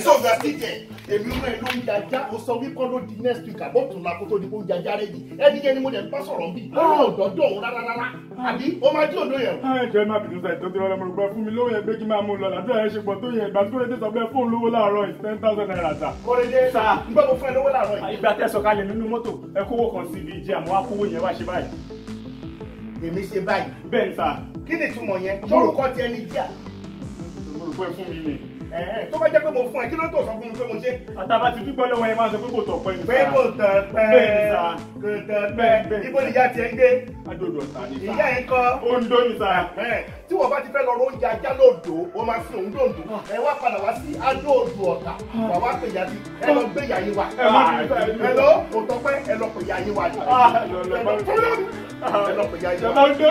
and so you are still there. èmi náà ló ń jajá o sọ wípé ló di next week àbọ̀tún la kó tó di kó ń jajá rẹ yìí ẹnikẹ́ni mo dẹ̀ bá sọ̀rọ̀ bí ó ràn ọ̀dọ́dọ̀ òun rárá rárá àbí ó máa jẹ́ òdo yẹn. ẹ jẹ́ má bìtú sẹ́yìn tó ti rọlẹ́ mo rò fún mi lówó yẹn pé kí máa mú un lọ làtí ẹ̀ ṣe pọ̀ tó yẹ ìgbà tí kò lè dé fóun lówó láàárọ̀ yìí ten thousand naira ta. kọ́lẹ́dẹ́ sa nígbà tó fún ẹ lówó láàárọ̀ yìí. ìgbà tẹ̀sọ̀ kalẹ̀ nínú mọ́tò ẹ kówó kan sí ibi ìjẹ́ àmọ́ wá kówó yẹn wá ṣe báyìí. èmi ṣe báyìí. bẹ́ẹ̀ ni sa. kí ni ìtumọ̀ yẹn? sọ́rùkọ́ ti fún ẹ fún mi ni. tó bá jẹ́ pé mo fún ẹ kí ló tó sọ fún mi pé mo ṣe. àtàbà ti dúpẹ́ lọ́wọ́ ẹ máa sọ pé kò tọ̀pẹ́ nìta. pé kò tọ̀pẹ́ kò tọ̀pẹ́ ibo nìyá tiẹ̀ ń gbé. adòdò ta ni ìyá yẹn kọ́. ondo ni sa. tí wọ́n bá ti fẹ́ lọ rọ oúnjẹ ajá lòdò wọ́n máa fi òun dòdò ẹ wá padà wá sí adòdò ọ̀tà wà pè yá sí ẹ lọ gbé yà yín wa. ẹ lọ